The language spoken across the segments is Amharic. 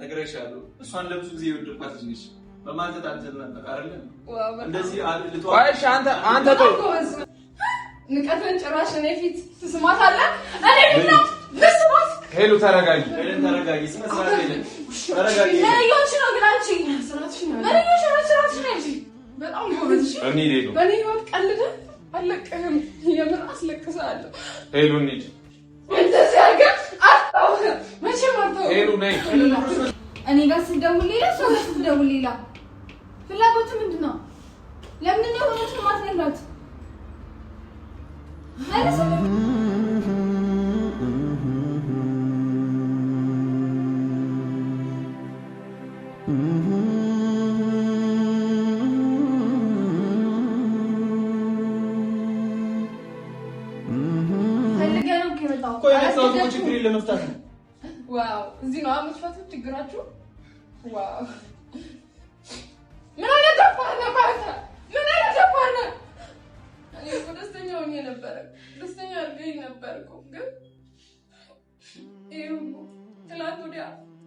ነግሬሻለሁ። እሷን ለብዙ ጊዜ የወደድኳት ልጅ ነች። በማንተታተል ነበር አይደል? እንደዚህ አንተ አንተ ንቀትን ጭራሽ እኔ ፊት ትስማታለህ። እኔ ነው ሄሉ ተረጋጊ፣ ተረጋጊ፣ ተረጋጊ። ለዮች ነው ለዮች ነው ነው በጣም እኔ ቀልድ አለቅህም። የምር አስለቅሳለሁ። ሄሉ እንሂድ ሄሉ ነይ። እኔ ጋር ስትደውል ሌላ፣ እሷ ጋር ስትደውል ሌላ። ፍላጎት ምንድን ነው? ለምንድን ነው የሆነችን ማስገላት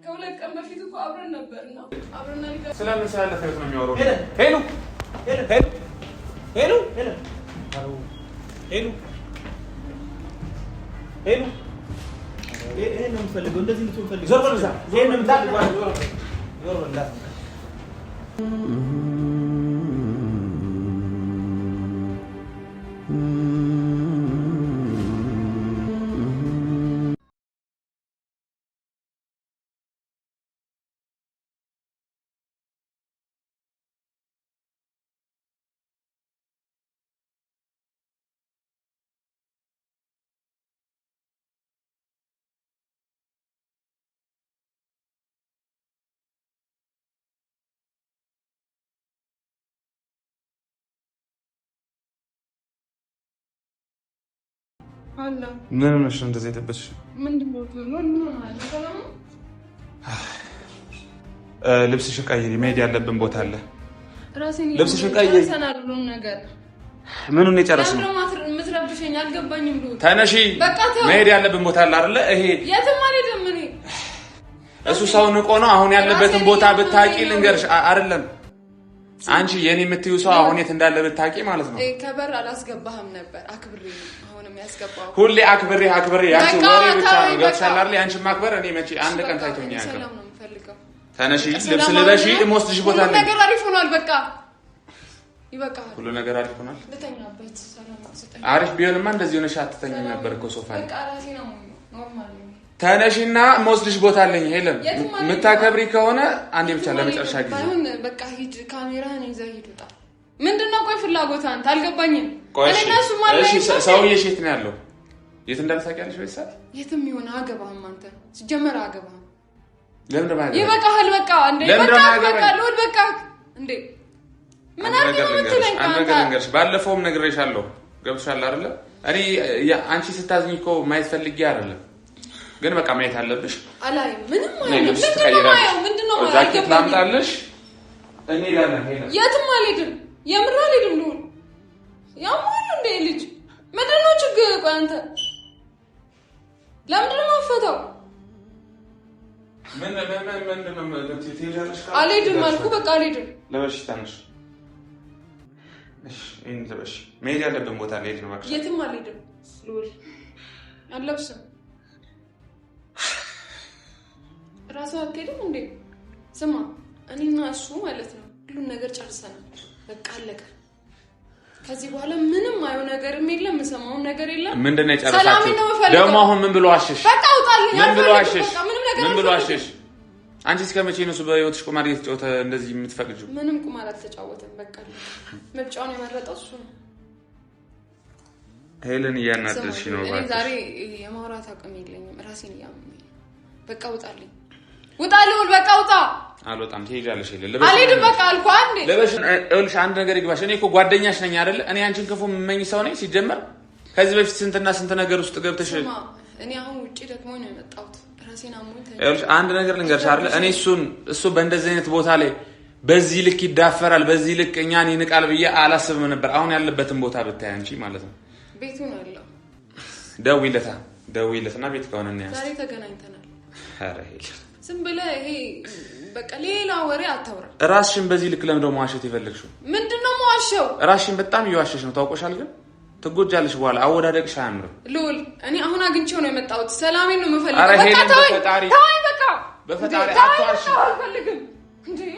ከሁለት ቀን በፊት እኮ አብረን ነበር ነው አብረን ስላለ ስላለ ነው የሚያወራው። ሄሉ ሄሉ ሄሉ ሄሉ ሄሉ ሄሉ ይሄን ነው የምትፈልገው? እንደዚህ ልትሆን ፈልገው? ዞር በል እዛ። ይሄን ነው የምትፈልገው? ዞር በል ምን ነሽ እንደዚህ የጠበትሽ? ልብስሽን ቀይሪ፣ መሄድ ያለብን ቦታ አለ። ልብስሽን ቀይሪ። ምኑን ነው? ተነሺ፣ መሄድ ያለብን ቦታ አለ አይደለ? ይሄ እሱ ሰው ንቆ ነው። አሁን ያለበትን ቦታ ብታውቂ ልንገርሽ አይደለም አንቺ የኔ የምትዩ ሰው አሁን የት እንዳለ ብታውቂ ማለት ነው። ከበር አላስገባህም ነበር አክብሬ አሁንም ያስገባው ሁሌ አክብሬ አክብሬ ያንቺ ወሬ ብቻ ነው ገብሳላል። አንቺ ማክበር እኔ መቼ አንድ ቀን ታይቶኝ ያውቃል። ተነሺ፣ ልብስ ልበሺ፣ እምወስድሽ ቦታ ነው። ነገር አሪፍ ሆኗል። በቃ ይበቃል። ሁሉ ነገር አሪፍ ሆኗል። አሪፍ ቢሆንማ እንደዚህ ሆነሽ አትተኝም ነበር እኮ ሶፋ ላይ ተነሽና መወስድሽ ቦታ አለኝ። ሄለን የምታከብሪ ከሆነ አንዴ ብቻ ለመጨረሻ ጊዜ አሁን በቃ ሂድ፣ ካሜራህን ይዘህ ሂድ። ወጣ ምንድነው? ቆይ ፍላጎት አንተ አልገባኝም። ሰውዬሽ የት ነው ያለው? የት እንዳለ ታውቂያለሽ? ወይ ሰዓት የትም ይሆን አገባህም። አንተ ሲጀመር አገባህም። ለምን ደማ ያገባ ይበቃሃል። በቃ እንዴ በቃ በቃ ልውል በቃ እንዴ ምን አርግ ነው የምትለኝ? አንተ ባለፈውም ነግሬሻለሁ። ገብቶሻል አይደለ? እኔ አንቺ ስታዝኝ እኮ ማየት ፈልጌ አይደለም ግን በቃ ማየት አለብሽ። አላይ ምንም አይነት ጃኬት ላምጣልሽ። እንሄዳለን። ልጅ ምንድን ነው ችግር? ቆይ አንተ ለምንድን ነው የማፈታው? አልሄድም አልኩ፣ በቃ አልሄድም። መሄድ ያለብን ቦታ ነው። የትም አልሄድም፣ ልሁን አልለብስም ራሱ አትሄድም እንዴ? ስማ፣ እኔና እሱ ማለት ነው ሁሉን ነገር ጨርሰናል። በቃ አለቀ። ከዚህ በኋላ ምንም አየው ነገርም የለም፣ የምሰማውን ነገር የለም። ምንድን ነው የጨረሳችሁ? ደግሞ አሁን ምን ብሎ አሸሽ? ምን ብሎ አሸሽ? ምን ብሎ አሸሽ? አንቺ እስከ መቼ ነው እሱ በህይወትሽ ቁማር እየተጫወተ እንደዚህ የምትፈልጁ? ምንም ቁማር አልተጫወተም። በቃ መጫወን የመረጠው እሱ ነው። ሄለን እያናደድሽ ነው። ዛሬ የማውራት አቅም የለኝም፣ ራሴን እያመመኝ በቃ ውጣልኝ ውጣ ልውል በቃ ውጣ። አልወጣም። ትሄጃለሽ። የለም አልሄድም። በቃ አልኩህ። አንዴ ይኸውልሽ፣ አንድ ነገር ይግባሽ። እኔ እኮ ጓደኛሽ ነኝ አይደለ? እኔ አንቺን ክፉ የምመኝ ሰው ነኝ ሲጀመር። ከዚህ በፊት ስንትና ስንት ነገር ውስጥ ገብተሽ እኔ አሁን ውጪ ነው የመጣሁት። አንድ ነገር ልንገርሽ አይደለ? እኔ እሱን እሱ በእንደዚህ አይነት ቦታ ላይ በዚህ ልክ ይዳፈራል፣ በዚህ ልክ እኛን ይንቃል ብዬ አላስብም ነበር። አሁን ያለበትን ቦታ ብታይ አንቺ ማለት ነው። ቤቱ ነው ያለው። ደውይለታ፣ ደውይለትና ቤት ከሆነ ተገናኝተናል። ዝም ብለህ ይሄ በቃ ሌላ ወሬ አታውራ። ራስሽን በዚህ ልክ ለምደው መዋሸት የፈለግሽው ምንድን ነው? መዋሸው ራስሽን በጣም እየዋሸሽ ነው። ታውቆሻል ግን ትጎጃለሽ። በኋላ አወዳደቅሽ አያምርም። ልውል እኔ አሁን አግኝቼው ነው የመጣሁት። ሰላሜን ነው የምፈልገው። በቃ በቃ በፈጣሪ አልፈልግም እንዴ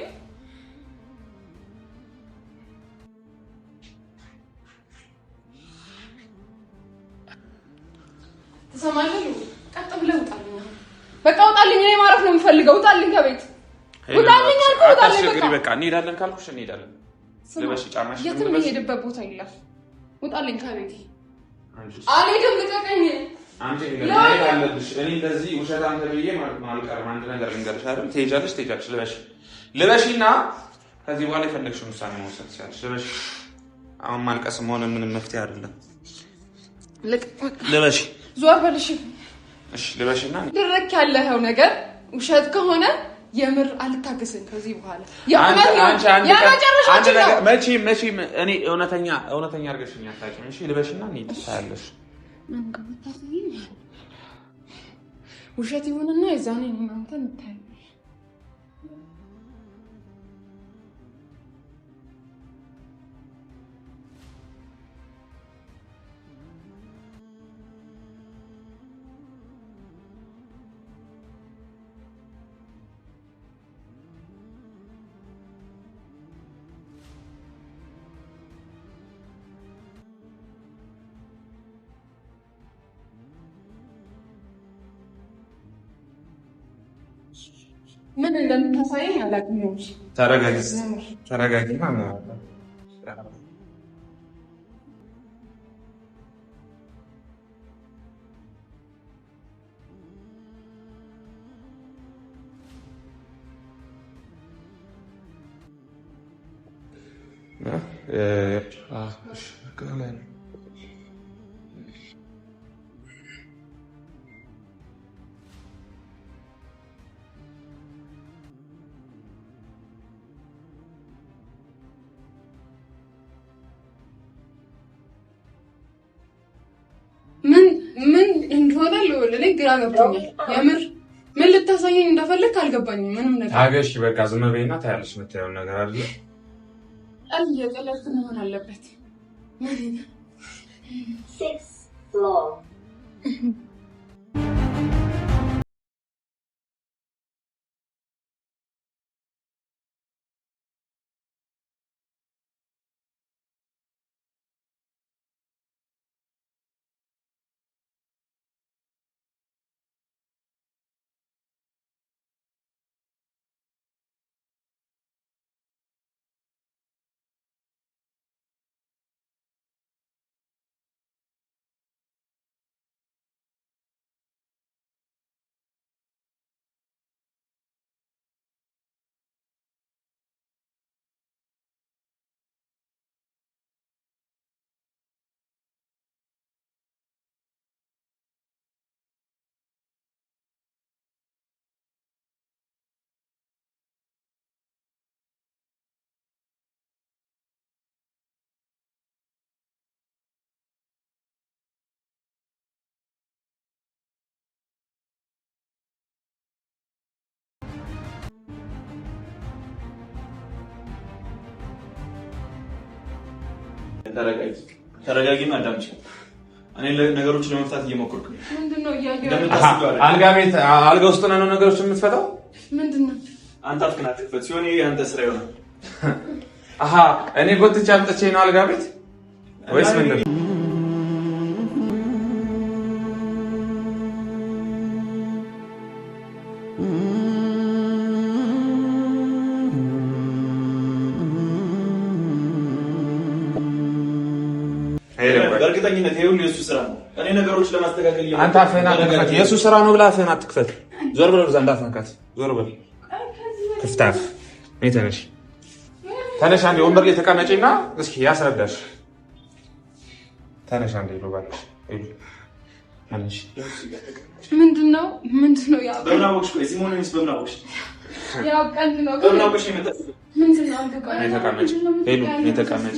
ተሰማለ ቀጥ ብለህ ውጣ በቃ ውጣልኝ። እኔ ማረፍ ነው የምፈልገው። ውጣልኝ ከቤት ውጣልኝ አልኩህ። ውጣልኝ በቃ እንሄዳለን ካልኩሽ እንሄዳለን። ልበሽ ጫማሽ። የትም የሄድበት ቦታ የለም። ውጣልኝ ከቤት። አልሄድም። ልቀቀኝ። አንቺ ነገር አለብሽ። እኔ እንደዚህ ነገር አይደል? ከዚህ በኋላ ምንም አይደለም። ልበሽ ዞር በልሽ እሺ ልበሽና ልረክ ያለኸው ነገር ውሸት ከሆነ የምር አልታገስም። ከዚህ በኋላ እኔ እውነተኛ እውነተኛ አድርገሽኝ አታውቂም። እሺ ልበሽና ታያለሽ። ውሸት ይሁንና የዛኔ እናንተ የምታየው birbirlerinin kafayı mı alakmıyormuş? Saragagis. Saragagis mi mı orada? Ne? Ee, ah, ግራ ገብቶኛል። የምር ምን ልታሳየኝ እንደፈለግ አልገባኝ። ምንም ነገር ታገሽ፣ በቃ ዝም በይና ታያለሽ። የምታየውን ነገር አለ። ቃል እየቀለድኩ መሆን አለበት ተረጋጊ ተረጋጊና አዳምጪ። እኔ ነገሮችን ለመፍታት እየሞከርኩ አልጋ ቤት አልጋ ውስጥ ነው ነገሮችን የምትፈታው? ምንድነው አንተ አፍክና ትፈት ሲሆን አንተ ስራ ይሆናል። አሃ እኔ ጎትቼ አምጥቼ ነው አልጋ ቤት ወይስ ምንድነው? በእርግጠኝነት ይሄ ሁሉ የእሱ ስራ ነው። እኔ ነገሮች ለማስተካከል አንተ አፍህን አትክፈት። የእሱ ስራ ነው ብለህ አፍህን አትክፈት። ዞር በል ወደዛ፣ እንዳትነካት። ዞር በል ክፍታፍ። እኔ ተነሽ ተነሽ፣ አንዴ ወንበር ላይ ተቀመጪና እስኪ ያስረዳሽ። ተነሽ አንዴ ሉ ባለሽ ምንድን ነው ምንድን ነው? በምን አወቅሽ? ቆይ ሲሞንስ በምን አወቅሽ? ያው ቀልድ ነው። በምን አወቅሽ? ተቀመጪ ሄሉ፣ ተቀመጪ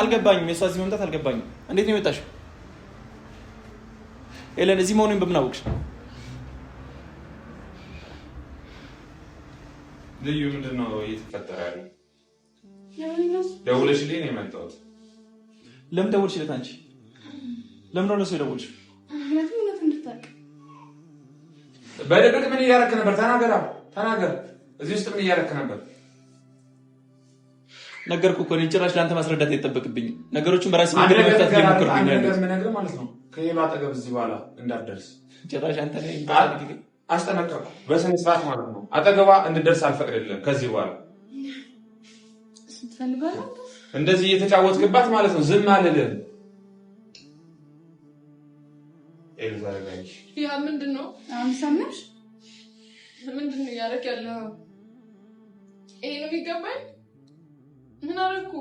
አልገባኝም። የእሷ እዚህ መምጣት አልገባኝም። እንዴት ነው የመጣሽው? ኤለን እዚህ መሆኑን በምን አወቅሽ? ልዩ ምንድን ነው እየተፈጠረ ያለው? ደውለሽልኝ ነው የመጣሁት። ለምን ደውልሽለት? አንቺ ለምን ነው የደውልሽ? በደብቅ ምን እያደረክ ነበር? ተናገር፣ ተናገር። እዚህ ውስጥ ምን እያደረክ ነበር? ነገርኩ እኮ ጭራሽ ለአንተ ማስረዳት የጠበቅብኝ ነገሮችን በራሴ መንገድ መፍታት እየሞከርኩኝ ማለት ነው። ከሌላ አጠገብ እዚህ በኋላ እንዳትደርስ ጭራሽ አንተ አስጠነቀቅኩ፣ በስነ ስርዓት ማለት ነው። አጠገቧ እንድደርስ አልፈቅድልም ከዚህ በኋላ እንደዚህ እየተጫወትክባት ማለት ነው። ዝም አልልም። ኤልዛ ያ ምንድን ነው አሁን? ምንድን ነው ያደረክ ያለው? ይሄ ነው የሚገባኝ ምን አደረኩ?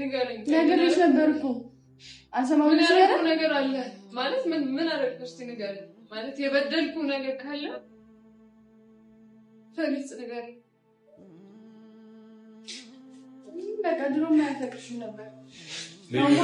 ንገረኝ። ነገርሽ ነበር እኮ ነገር አለ ማለት ምን ምን አደረኩ? እስቲ ንገረኝ። ማለት የበደልኩ ነገር ካለ ፈሪጽ ንገረኝ። በቃ ድሮ ማያፈቅርሽም ነበር ልዩ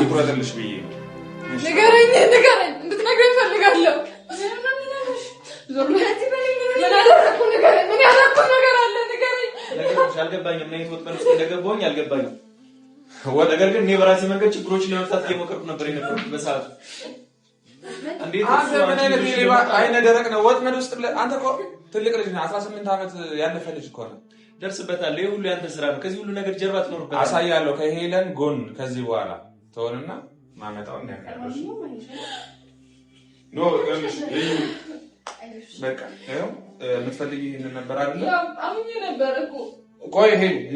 ይቁረጥልሽ ብዬ ንገረኝ፣ አይነት ወጥመድ ውስጥ እንደገባሁኝ አልገባኝም። ነገር ግን እኔ በራሴ መንገድ ችግሮችን ለመፍታት እየሞከርኩ ነበር የነበርኩት በሰዓቱ። እንዴት አይነ ደረቅ ነው ወጥመድ ውስጥ አንተ ትልቅ ልጅ ነው። 18 ዓመት ያለፈ ልጅ እኮ ነው። ደርስበታለሁ። ይህ ሁሉ ያንተ ስራ ነው። ከዚህ ሁሉ ነገር ጀርባ ትኖርበት አሳያለሁ። ከሄለን ጎን ከዚህ በኋላ ትሆንና ማመጣው ያካለሽ የምትፈልጊ ይህንን ነበር አለ አሁን ነበር እኮ ቆይ ይሄ እኮ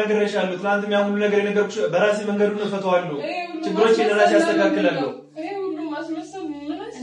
ነግሬሻለሁ። ትናንት ያ ሁሉ ነገር የነገርኩሽ በራሴ መንገዱ ነው እፈታዋለሁ። ችግሮች የራሴ ያስተካክላለሁ።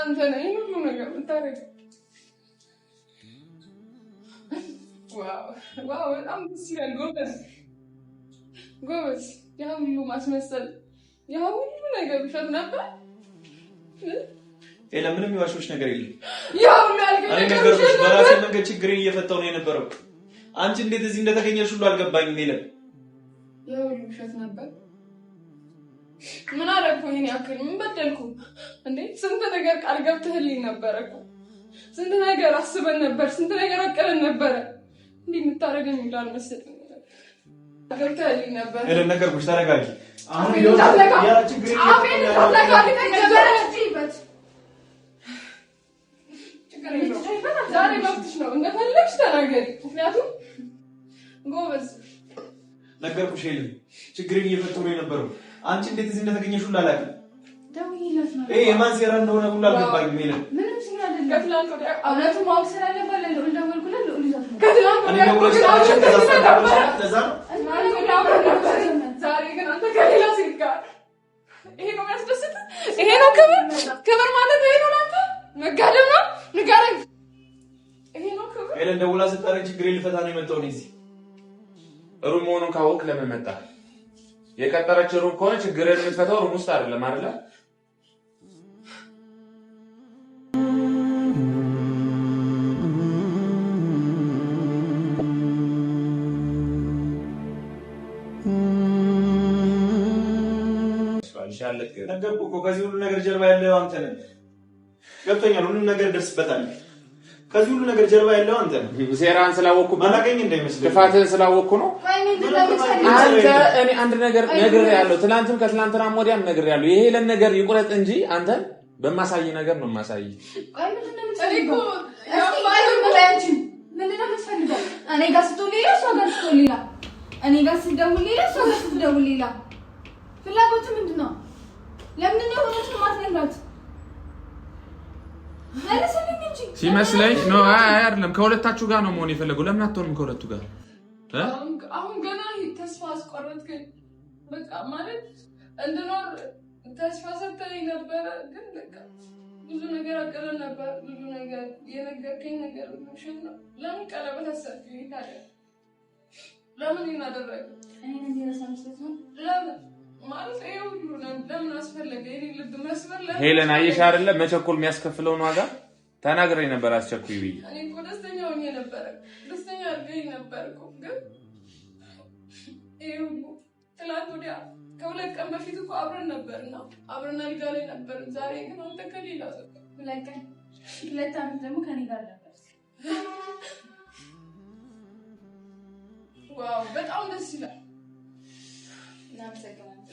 አንተ ነህ ሁሉ ነገር የምታደርገው። ዋው በጣም ደስ ይላል። ጎበዝ ጎበዝ። ያ ሁሉ ማስመሰል፣ ያ ሁሉ ነገር ውሸት ነበር። ለምንም የዋሾች ነገር የለም። ያ ነገር በራሴ መንገድ ችግሬን እየፈታሁ ነው የነበረው። አንቺ እንዴት እዚህ እንደተገኘሽ ሁሉ አልገባኝም። ይለም የሁሉ ውሸት ነበር። ምን አደረኩ? ይሄን ያክል ምን በደልኩ እንዴ? ስንት ነገር ቃል ገብተህልኝ ነበረ እኮ ስንት ነገር አስበን ነበር፣ ስንት ነገር አቀለን ነበረ። እንዴ የምታደርገኝ እንዳልመስል ገብተህልኝ ነበረ። እለም ነገርኩሽ፣ ተረጋጊ። አሁን ያ ችግር ዛሬ መብትሽ ነው፣ እንደፈለግሽ ተናገሪ። ምክንያቱም ጎበዝ ነገርኩሽ። የለም ችግርን እየፈጠሩ የነበረው አንቺ እንዴት እዚህ እንደተገኘሽ ሁሉ አላውቅም። የማን ሴራ እንደሆነ ሁሉ አልገባኝም። የለም ይሄ ነው የሚያስደስት? ይሄ ነው ክብር? ክብር ማለት ይሄ ነው ለአንተ መጋደም ነው? ንገረኝ። ይሄ ነው ክብር? ደውላ ስጠረኝ ችግሬን ልፈታ ነው የመጣሁት እዚህ ሩም መሆኑን ካወቅ ለምን መጣ? የቀጠረች ሩም ከሆነ ችግር የምትፈታው ሩም ውስጥ አይደለም አይደለ? ነገርኩህ እኮ ከዚህ ሁሉ ነገር ጀርባ ያለው አንተ ነህ። ገብቶኛል። ሁሉም ነገር ደርስበታል። ከዚህ ሁሉ ነገር ጀርባ ያለው አንተ ነህ። ሴራን ስላወቅኩ መናቀኝ እንዳይመስልህ፣ ክፋትህን ስላወቅኩ ነው አንተ እኔ አንድ ነገር ነግሬሃለሁ። ትናንትም ከትናንትናም ወዲያም ያለው ይሄ ለነገር ይቁረጥ እንጂ አንተ በማሳይ ነገር ነው የማሳይ። እኔ ጋር ስትደውል ሌላ፣ እሷ ጋር ስትደውል ሌላ። ፍላጎት ምንድን ነው? ለምን ነው ወንድ ሲመስለኝ ነው። አይ አይደለም፣ ከሁለታችሁ ጋር ነው መሆን የፈለገው። ለምን አትሆንም ከሁለቱ ጋር አሁን ገና ተስፋ አስቆረጥከኝ። በቃ ማለት እንድኖር ተስፋ ሰጥተኝ ነበረ፣ ግን በቃ ብዙ ነገር አቅለን ነበር። ብዙ ነገር የነገርከኝ ነገር ውሸት ነው። ለምን ቀለበት አሰርፊ ታዲያ? ለምን ይናደረግ ለምን ሄለን አየሽ አይደለ? መቸኮል የሚያስከፍለውን ዋጋ ተናግረኝ ነበር። አስቸኩይ ብዬ አብሮኝ የነበረ ደስተኛ አድርገኝ ነበር ግን ይሁ ትላንት ወዲያ ከሁለት ቀን በፊት እኮ አብረን ነበርና አብረን አልጋ ላይ ነበር። ዛሬ ግን አንተ ከሌላ ሰው ሁለት ቀን ሁለት አመት ደግሞ ከኔ ጋር ነበር። ዋው በጣም ደስ ይላል። እናመሰግናለን።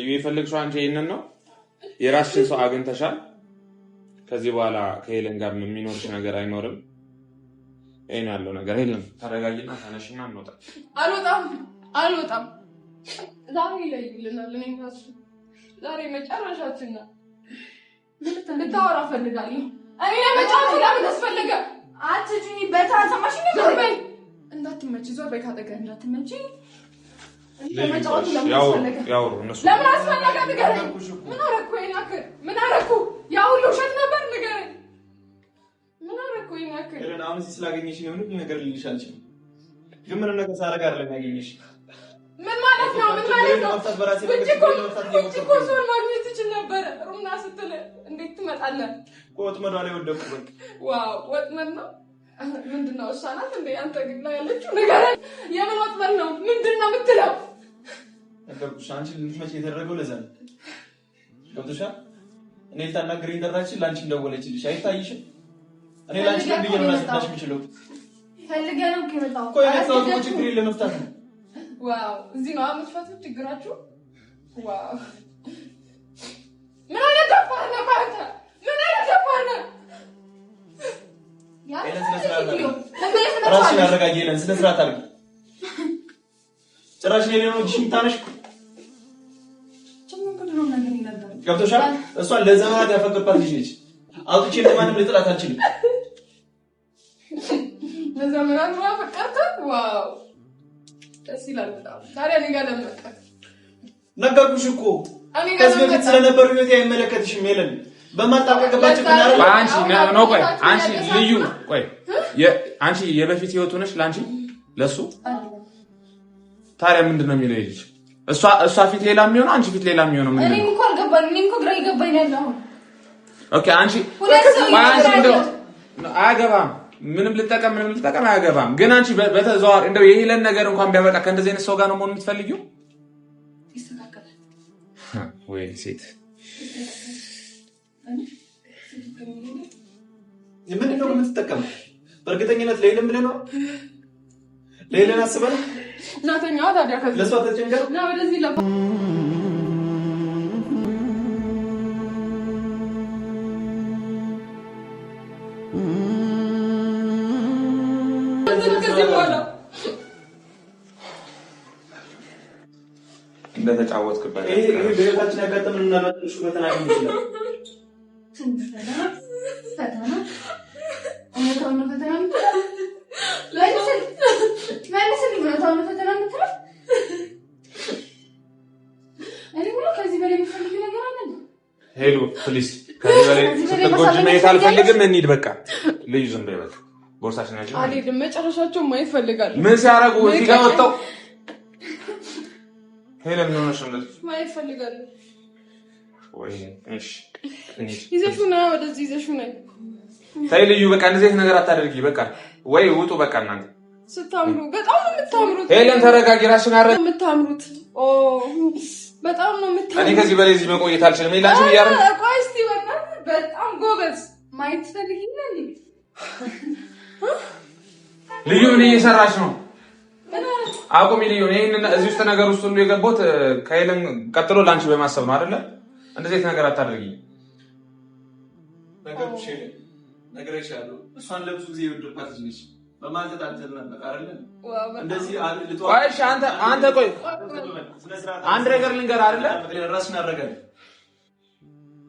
ልዩ የፈለግሽው አንቺ ይህንን ነው። የራስሽን ሰው አግኝተሻል። ከዚህ በኋላ ከሄለን ጋር የሚኖርሽ ነገር አይኖርም። ይህን ያለው ነገር የለም። ተረጋጊና ተነሽና እንወጣ። አልወጣም፣ አልወጣም። ዛሬ ይለይልናል። እኔ እራሱ ዛሬ መጨረሻችን ልታወራ ፈልጋለሁ። እኔ ለመጫወት ለምን አስፈለገ? አትጩኝ። በታ ሰማሽ? እንዳትመጪ፣ ዞር በይ ካጠገ እንዳትመጪ ለምን አስፈለገ ንገረኝ። ምን አደረኩ? ያ ሁሉ ውሸት ነበር ንገረኝ። ምን አደረኩ? ይሄን አሁን እዚህ ስላገኘሽ የሆነ ነገር ልልሽ አልችልም፣ ግን ምንም ነገር ሳደርግ አይደለም ያገኘሽ። ምን ማለት ነው? ምን ማለት ነው? ውጭ እኮ እሱን ማግኘት ትችል ነበረ። ሩና ስትል እንዴት ትመጣለህ? ወጥመዷ ላይ ወደኩ። ዋው፣ ወጥመድ ነው። ምንድን ነው? እሷ ናት እንደ አንተ ግላ ያለችው ነገር የምን ወጥመድ ነው? ምንድን ነው የምትለው? ነገርኩሽ። አንቺ ልትመጪ የተደረገው ለዛ ነው። ገብቶሻል? እኔ ልታናግረኝ ጠራችን፣ ለአንቺ ደወለችልሽ። አይታይሽም? እኔ ለአንቺ ብዬ ነው የምችለው። ፈልጌ ነው እኮ የመጣሁት። እኮ ለመፍታት ነው። ዋው! እዚህ ነው ችግራችሁ? ዋው! ምን አይነት ደፋር ነህ አንተ! ምን አይነት ደፋር ነህ! ራስሽን አረጋጊ። ስነ ስርዓት ጭራሽ ሌላ ነው እጅሽ ገብቶሻል። እሷን ለዘመናት ያፈቅርባት ልጅ ነች። አውጥቼ ለማንም ልጥላት አልችልም። ለዘመናት ዋው ደስ ይላል በጣም። ታዲያ እኔ ጋር ደመቀ። ነገርኩሽ እኮ ከዚህ በፊት ስለነበሩ ህይወቴ አይመለከትሽም። ሄለን አንቺ ነው። ቆይ አንቺ ልዩ ቆይ አንቺ የበፊት ህይወቱ ነሽ ለአንቺ ለሱ። ታዲያ ምንድን ነው የሚለው ልጅ እሷ እሷ ፊት ሌላ የሚሆነው አንቺ ፊት ሌላ የሚሆነው ምን ነው? እኔም እኮ አልገባኝ እኔም እኮ ግራ ይገባኝ ያለው ኦኬ አንቺ ማንቺ እንደው አያገባም፣ ምንም ልጠቀም ምንም ልጠቀም አያገባም። ግን አንቺ በተዘዋዋሪ እንደው የሄለን ነገር እንኳን ቢያበቃ ከእንደዚህ አይነት ሰው ጋር ነው መሆን የምትፈልጊው ወይ ሴት ምንድን ነው የምትጠቀመው? በእርግጠኝነት ለሄለን ብለህ ነው ለሄለን አስበህ እናተኛዋ ታዲያ ከለሷ ተጨንገር ና ወደዚህ ለ እንደተጫወትክበት ቤታችን ያጋጠምን እና መጠን ሹመተና ይችላል ሄሎ ፕሊስ፣ ከዚህ በላይ ስትጎጂ ማየት አልፈልግም። እንሂድ በቃ። ልዩ ዝም በይ በቃ። ቦርሳሽን ያዥ። አልሄድም። መጨረሻቸውን ማየት ፈልጋለሁ። ምን ሲያደርጉ እዚህ ጋር ወጣው። ሄሎ ነው ሆነሽ ነው? ማየት ፈልጋለሁ። ወይ እሺ፣ ይዘሽው ይዘሹና ወደዚህ ይዘሹና ነይ። ተይ ልዩ፣ በቃ እንደዚህ ነገር አታደርጊ። በቃ ወይ ውጡ። በቃ እናንተ ስታምሩ በጣም ነው የምታምሩት። ሄለን ተረጋጊ፣ ራስሽን አረ የምታምሩት በጣም ነው እኔ ከዚህ በላይ እዚህ መቆየት አልችልም። በጣም ጎበዝ ማየት ልዩ ምን እየሰራች ነው? አቁሚ ልዩ። እዚህ ውስጥ ነገር ውስጥ ሁሉ የገባሁት ከሄለን ቀጥሎ ላንች በማሰብ ነው አይደለ? እንደዚህ ነገር አታደርጊ። ነገሮች ነገሮች እሷን ለብዙ ጊዜ የወደድኳት ልጅ ነች በማንተታተል ነበር አይደል? እንደዚህ አንተ አንተ ቆይ አንድ ነገር ልንገር አይደለ? ራስን አረጋል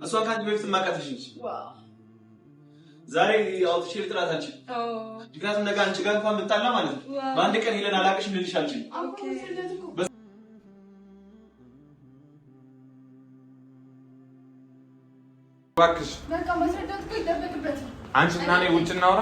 እሷ ከአንቺ በፊት ማቃተሽ እንጂ ዛሬ አውጥቼ ልጥራት አልችልም። ምክንያቱም ነገ አንቺ ጋር እንኳን ብጣላ ማለት ነው በአንድ ቀን ሄለን አላቅሽም ልልሽ አልችልም። እባክሽ አንቺ እና እኔ ውጭ እናውራ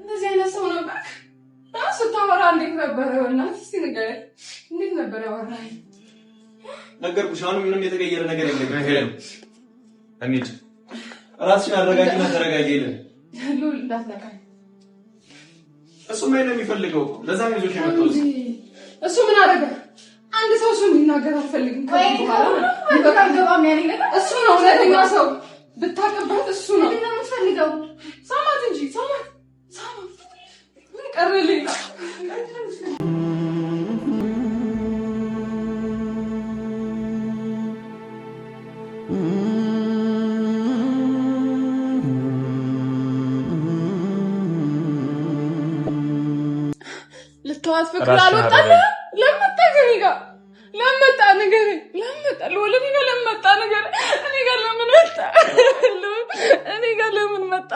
እንደዚህ አይነት ሰው ነበር። ራሱ እንዴት ነበረ? ወላሂ እስኪ ንገረኝ፣ እንዴት ነበረ ያወራ? ነገርኩሽ። አሁን ምንም የተቀየረ ነገር የለም። እንሂድ። ራስሽን አረጋጊና ተረጋጊ። የለም ሉል እንዳትነካኝ። እሱ ምን ነው የሚፈልገው? ለዛ ነው ይዞሽ የመጣው። እሱ ምን አደረገ? አንድ ሰው እሱ እንዲናገር አልፈልግም። እሱ ነው እውነተኛ ሰው ብታቀባት፣ እሱ ነው ምንድነው ሰማት እንጂ ሰማት ልተዋት ፍቅር አልወጣ ለመጣ ከኔ ጋር ለመጣ ነገር ለመጣ ለወለኔ ጋር ለመጣ ነገር እኔ ጋር ለምን መጣ እኔ ጋር ለምን መጣ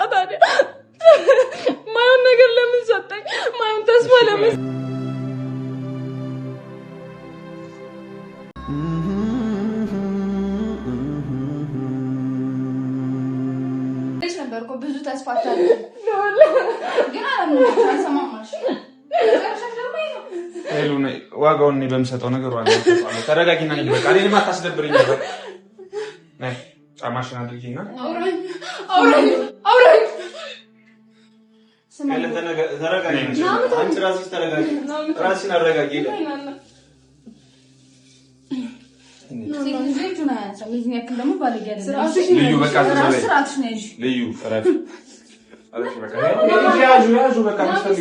ዋጋውን እኔ በምሰጠው ነገር ተረጋጊና በቃ እኔንም አታስደብርኝ ነበር። ጫማሽን አድርጊና አረጋጊ። ልዩ በቃ ልዩ በቃ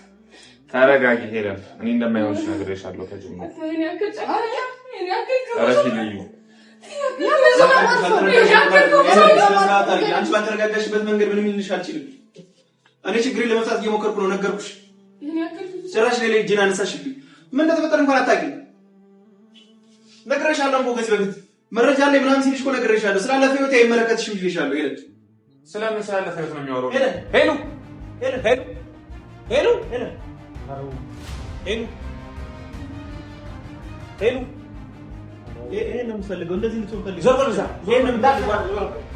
ተረጋጊ ሄለን፣ እኔ እንደማይሆንሽ ነግሬሻለሁ። ከጅምሩ አንቺ ባልተረጋጋሽበት መንገድ ምንም አልችልም። እኔ ችግሬን ለመፍታት እየሞከርኩ ነው፣ ነገርኩሽ። ጭራሽ ሌላ እጄን አነሳሽብኝ። ምን እንደተፈጠረ እንኳን አታውቂም። ነግሬሻለሁ እኮ ከዚህ በፊት መረጃ ላይ ምናምን ሲልሽ እኮ ነግሬሻለሁ። ስላለፈ ህይወት አይመለከትሽም ብዬሻለሁ። ሄለን፣ ስለምን ስላለፈ ህይወት ነው የሚያወራው? ሄሉ ሄሉ ሄሉ ખરું ነው የምፈልገው እንደዚህ ልትወፈልግ ዞር በሉ እዛ ይሄ ነው ምታድጓ